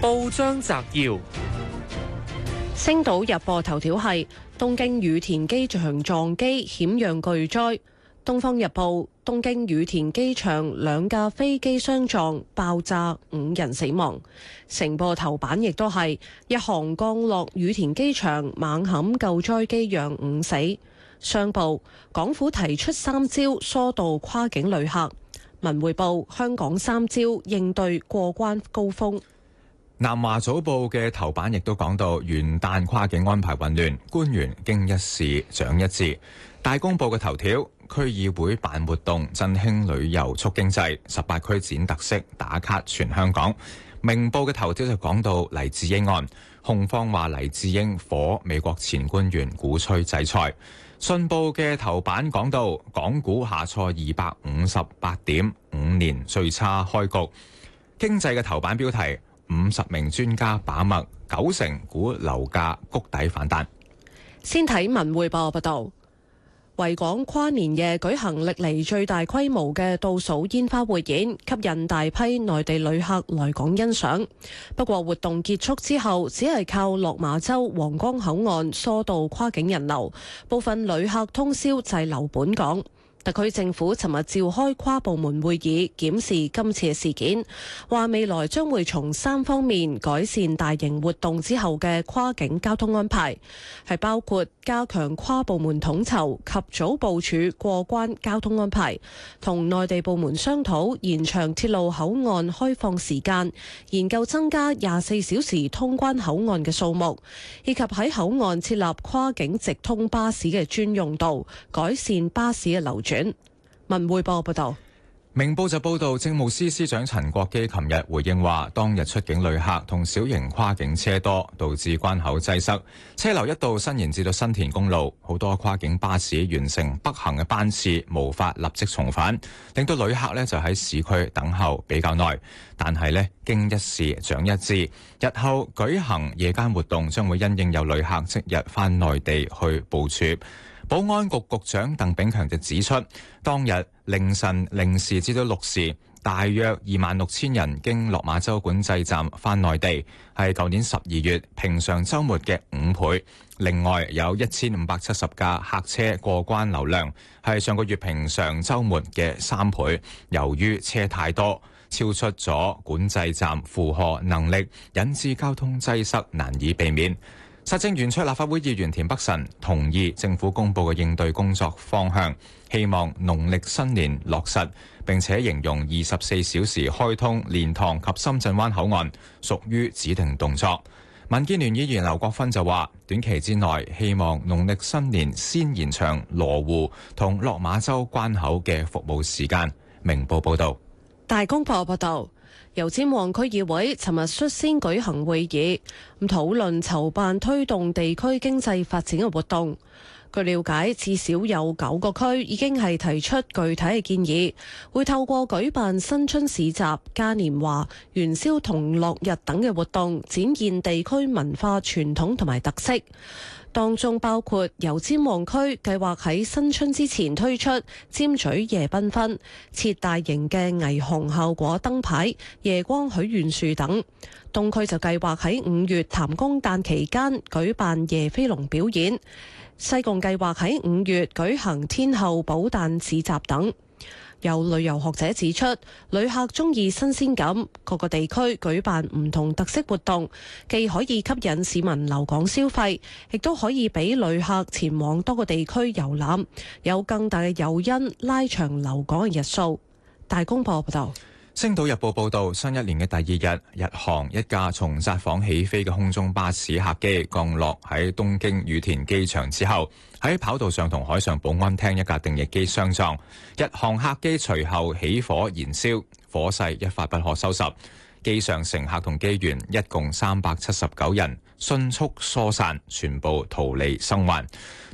報章摘要：星島日報頭條係東京羽田機場撞機險釀巨災。東方日報：東京羽田機場兩架飛機相撞爆炸，五人死亡。成報頭版亦都係日航降落羽田機場，猛砍救災機釀五死。商報：港府提出三招疏導跨境旅客。文匯報：香港三招應對過關高峰。南華早報嘅頭版亦都講到元旦跨境安排混亂，官員經一事長一智。大公報嘅頭條區議會辦活動振興旅遊促經濟，十八區展特色打卡全香港。明報嘅頭條就講到黎智英案，控方話黎智英火美國前官員鼓吹制裁。信報嘅頭版講到港股下挫二百五十八點，五年最差開局。經濟嘅頭版標題。五十名專家把脈，九成股樓價谷底反彈。先睇文匯報報道，維港跨年夜舉行歷嚟最大規模嘅倒數煙花匯演，吸引大批內地旅客來港欣賞。不過，活動結束之後，只係靠落馬洲皇崗口岸疏導跨境人流，部分旅客通宵滯留本港。特區政府尋日召開跨部門會議檢視今次嘅事件，話未來將會從三方面改善大型活動之後嘅跨境交通安排，係包括加強跨部門統籌及早部署過關交通安排，同內地部門商討延長鐵路口岸開放時間，研究增加廿四小時通關口岸嘅數目，以及喺口岸設立跨境直通巴士嘅專用道，改善巴士嘅流轉。文匯報報道，明報就報道，政務司司長陳國基琴日回應話，當日出境旅客同小型跨境車多，導致關口擠塞，車流一度伸延至到新田公路，好多跨境巴士完成北行嘅班次，無法立即重返，令到旅客呢就喺市區等候比較耐。但係呢，經一事長一智，日後舉行夜間活動，將會因應有旅客即日返內地去部署。保安局局長鄧炳強就指出，當日凌晨零時至到六時，大約二萬六千人經落馬洲管制站返內地，係舊年十二月平常周末嘅五倍。另外，有一千五百七十架客車過關流量，係上個月平常周末嘅三倍。由於車太多，超出咗管制站負荷能力，引致交通擠塞，難以避免。實政圓桌立法會議員田北辰同意政府公布嘅應對工作方向，希望農曆新年落實。並且形容二十四小時開通蓮塘及深圳灣口岸屬於指定動作。民建聯議員劉國芬就話：短期之內希望農曆新年先延長羅湖同落馬洲關口嘅服務時間。明報報導，大公報報道。油尖旺區議會尋日率先舉行會議，討論籌辦推動地區經濟發展嘅活動。據了解，至少有九個區已經係提出具體嘅建議，會透過舉辦新春市集、嘉年華、元宵同樂日等嘅活動，展現地區文化傳統同埋特色。當中包括油尖旺區計劃喺新春之前推出尖咀夜繽紛，設大型嘅霓虹效果燈牌、夜光許願樹等；東區就計劃喺五月談公誕期間舉辦夜飛龍表演；西貢計劃喺五月舉行天后寶誕市集等。有旅遊學者指出，旅客中意新鮮感，各個地區舉辦唔同特色活動，既可以吸引市民留港消費，亦都可以俾旅客前往多個地區遊覽，有更大嘅誘因拉長留港嘅日數。大公報報道。《星島日報》報道，新一年嘅第二日，日航一架從札幌起飛嘅空中巴士客機降落喺東京羽田機場之後，喺跑道上同海上保安廳一架定翼機相撞，日航客機隨後起火燃燒，火勢一發不可收拾，機上乘客同機員一共三百七十九人。迅速疏散，全部逃離生還。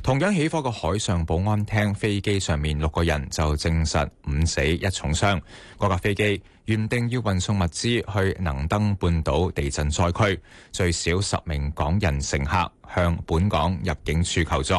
同樣起火嘅海上保安廳飛機上面六個人就證實五死一重傷。嗰架飛機原定要運送物資去能登半島地震災區，最少十名港人乘客向本港入境處求助。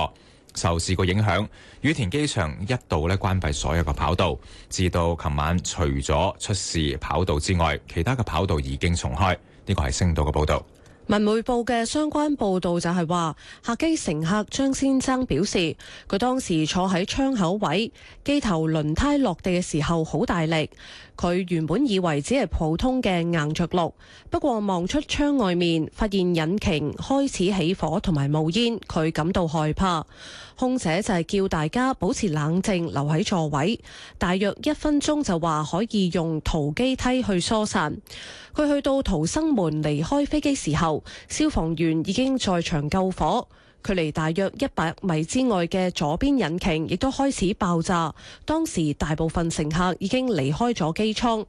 受事故影響，羽田機場一度咧關閉所有嘅跑道，至到琴晚除咗出事跑道之外，其他嘅跑道已經重開。呢個係星島嘅報道。文匯報嘅相關報道就係話，客機乘客張先生表示，佢當時坐喺窗口位，機頭輪胎落地嘅時候好大力，佢原本以為只係普通嘅硬着陸，不過望出窗外面，發現引擎開始起火同埋冒煙，佢感到害怕。空姐就係叫大家保持冷靜，留喺座位。大約一分鐘就話可以用逃機梯去疏散。佢去到逃生門離開飛機時候，消防員已經在場救火。距離大約一百米之外嘅左邊引擎亦都開始爆炸。當時大部分乘客已經離開咗機艙。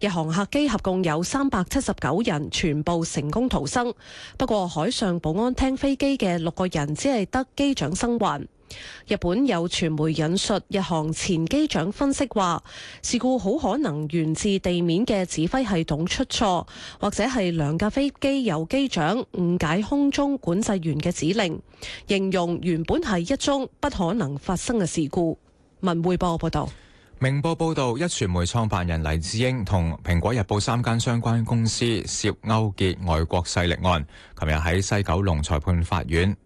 日航客機合共有三百七十九人，全部成功逃生。不過海上保安廳飛機嘅六個人只係得機長生還。日本有傳媒引述日航前機長分析話，事故好可能源自地面嘅指揮系統出錯，或者係兩架飛機有機長誤解空中管制員嘅指令，形容原本係一宗不可能發生嘅事故。文慧波報道。明報報道，壹傳媒創辦人黎智英同蘋果日報三間相關公司涉勾結外國勢力案，琴日喺西九龍裁判法院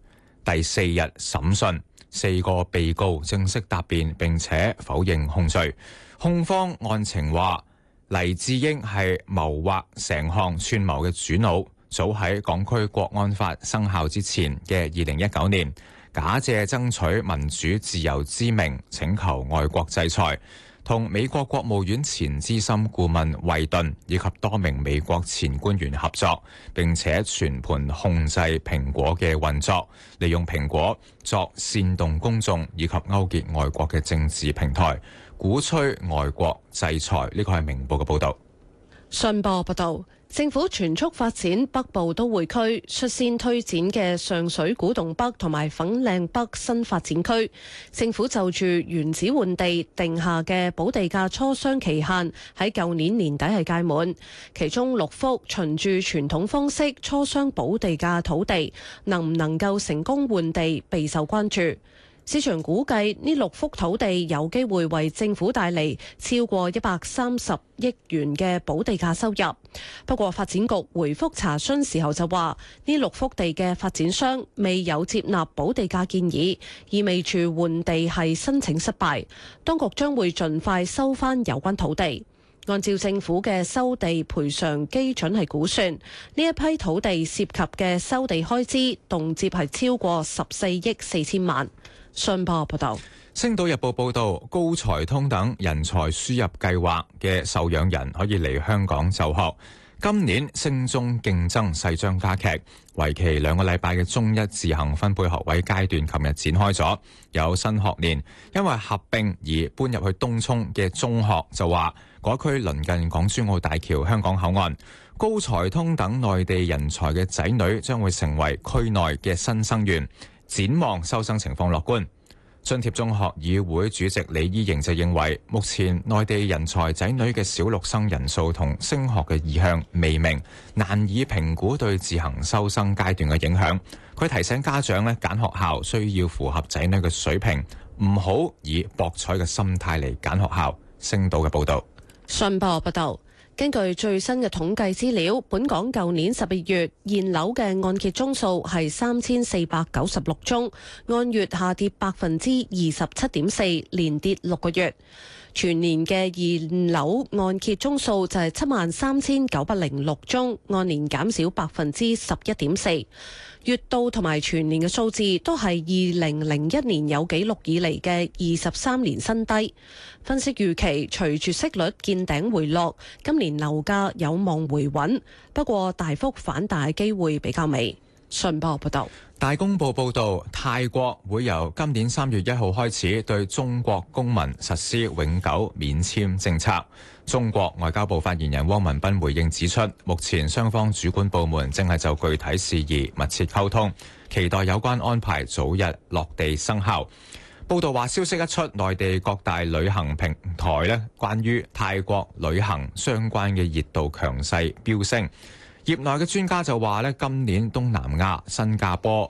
第四日審訊，四個被告正式答辯，並且否認控罪。控方案情話，黎智英係謀劃成項串謀嘅主腦，早喺港區國安法生效之前嘅二零一九年。假借爭取民主自由之名，請求外國制裁，同美國國務院前資深顧問惠頓以及多名美國前官員合作，並且全盤控制蘋果嘅運作，利用蘋果作煽動公眾以及勾結外國嘅政治平台，鼓吹外國制裁。呢個係明報嘅報道。信報報道，政府全速發展北部都會區，率先推展嘅上水古洞北同埋粉嶺北新發展區。政府就住原址換地定下嘅補地價磋商期限喺舊年年底係屆滿，其中六幅循住傳統方式磋商補地價土地，能唔能夠成功換地備受關注。市場估計呢六幅土地有機會為政府帶嚟超過一百三十億元嘅補地價收入。不過發展局回覆查詢時候就話，呢六幅地嘅發展商未有接納補地價建議，意味住換地係申請失敗。當局將會盡快收翻有關土地。按照政府嘅收地賠償基準係估算，呢一批土地涉及嘅收地開支，動輒係超過十四億四千萬。信報報道，《星島日報》報道，高才通等人才輸入計劃嘅受養人可以嚟香港就學。今年升中競爭勢將加劇，為期兩個禮拜嘅中一自行分配學位階段，琴日展開咗。有新學年，因為合併而搬入去東涌嘅中學就話，嗰區鄰近港珠澳大橋香港口岸，高才通等內地人才嘅仔女將會成為區內嘅新生源。展望收生情況樂觀，津貼中學議會主席李依瑩就認為，目前內地人才仔女嘅小六生人數同升學嘅意向未明，難以評估對自行收生階段嘅影響。佢提醒家長呢，揀學校需要符合仔女嘅水平，唔好以博彩嘅心態嚟揀學校。星島嘅報道，信報不報。根據最新嘅統計資料，本港舊年十二月現樓嘅按揭宗數係三千四百九十六宗，按月下跌百分之二十七點四，連跌六個月。全年嘅二樓按揭宗數就係七萬三千九百零六宗，按年減少百分之十一點四。月度同埋全年嘅數字都係二零零一年有紀錄以嚟嘅二十三年新低。分析預期，隨住息率見頂回落，今年樓價有望回穩，不過大幅反彈嘅機會比較微。信報報道，大公報報道，泰國會由今年三月一號開始對中國公民實施永久免簽政策。中國外交部發言人汪文斌回應指出，目前雙方主管部門正係就具體事宜密切溝通，期待有關安排早日落地生效。報道話，消息一出，內地各大旅行平台呢，關於泰國旅行相關嘅熱度強勢飆升。業內嘅專家就話咧，今年東南亞、新加坡、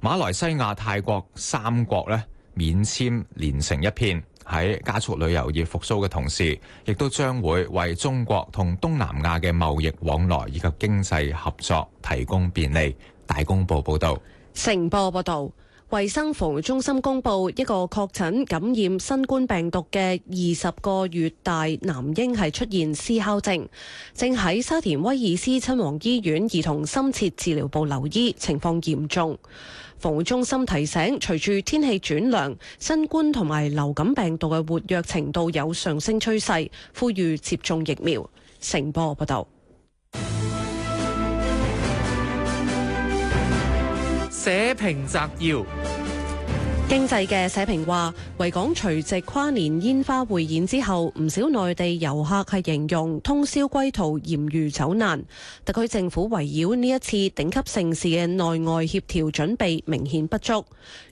馬來西亞、泰國三國咧免簽連成一片，喺加速旅遊業復蘇嘅同時，亦都將會為中國同東南亞嘅貿易往來以及經濟合作提供便利。大公報報道，成報報道。衛生防護中心公布一個確診感染新冠病毒嘅二十個月大男嬰係出現思考症，正喺沙田威爾斯親王醫院兒童深切治療部留醫，情況嚴重。防護中心提醒，隨住天氣轉涼，新冠同埋流感病毒嘅活躍程度有上升趨勢，呼籲接種疫苗。成波報道。報章摘要。經濟嘅社評話，維港除夕跨年煙花匯演之後，唔少內地遊客係形容通宵歸途艱如走難。特區政府圍繞呢一次頂級盛事嘅內外協調準備明顯不足。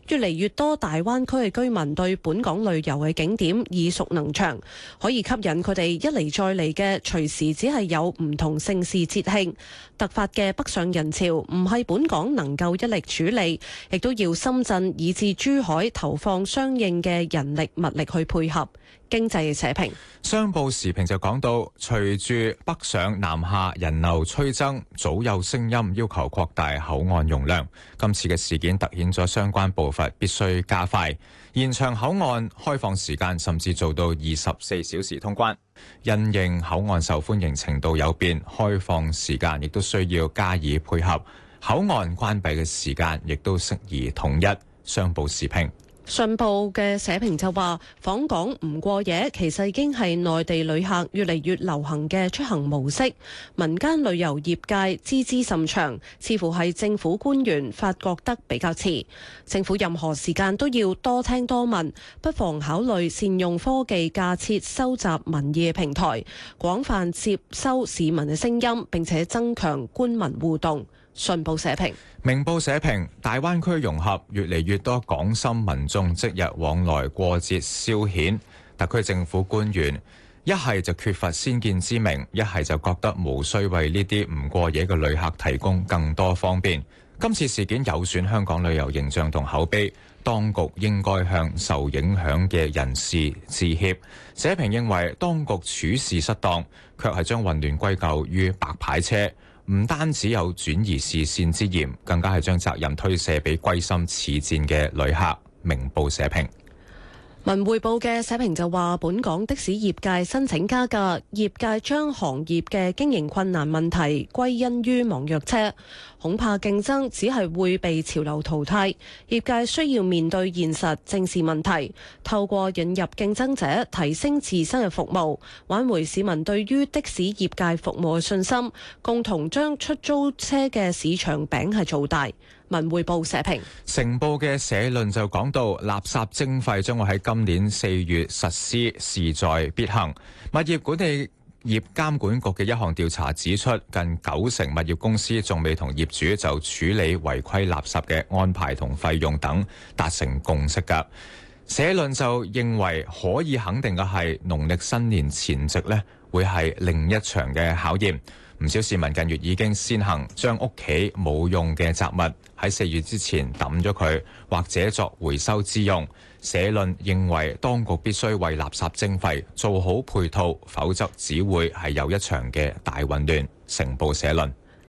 越嚟越多大灣區嘅居民對本港旅遊嘅景點耳熟能詳，可以吸引佢哋一嚟再嚟嘅。隨時只係有唔同盛事節慶，突發嘅北上人潮唔係本港能夠一力處理，亦都要深圳以至珠海。海投放相應嘅人力物力去配合經濟嘅扯平。商報時評就講到，隨住北上南下人流趨增，早有聲音要求擴大口岸容量。今次嘅事件凸顯咗相關步伐必須加快，延長口岸開放時間甚至做到二十四小時通關，因應口岸受歡迎程度有變，開放時間亦都需要加以配合。口岸關閉嘅時間亦都適宜統一。上報視屏，信報嘅社評就話：訪港唔過夜，其實已經係內地旅客越嚟越流行嘅出行模式。民間旅遊業界知之甚長，似乎係政府官員發覺得比較遲。政府任何時間都要多聽多問，不妨考慮善用科技架設收集民意嘅平台，廣泛接收市民嘅聲音，並且增強官民互動。信報社評：明報社評，大灣區融合越嚟越多港深民眾，即日往來過節消遣。特區政府官員一係就缺乏先見之明，一係就覺得無需為呢啲唔過夜嘅旅客提供更多方便。今次事件有損香港旅遊形象同口碑，當局應該向受影響嘅人士致歉。社評認為當局處事失當，卻係將混亂歸咎於白牌車，唔單止有轉移視線之嫌，更加係將責任推卸畀歸心似箭嘅旅客。明報社評。《文匯報》嘅社評就話，本港的士業界申請加價，業界將行業嘅經營困難問題歸因於網約車，恐怕競爭只係會被潮流淘汰。業界需要面對現實，正視問題，透過引入競爭者提升自身嘅服務，挽回市民對於的士業界服務嘅信心，共同將出租車嘅市場餅係做大。文匯報社評，成報嘅社論就講到，垃圾徵費將會喺今年四月實施，勢在必行。物業管理業監管局嘅一項調查指出，近九成物業公司仲未同業主就處理違規垃圾嘅安排同費用等達成共識。噶社論就認為，可以肯定嘅係，農曆新年前夕呢，會係另一場嘅考驗。唔少市民近月已經先行將屋企冇用嘅雜物喺四月之前抌咗佢，或者作回收之用。社論認為當局必須為垃圾徵費做好配套，否則只會係有一場嘅大混亂。成報社論。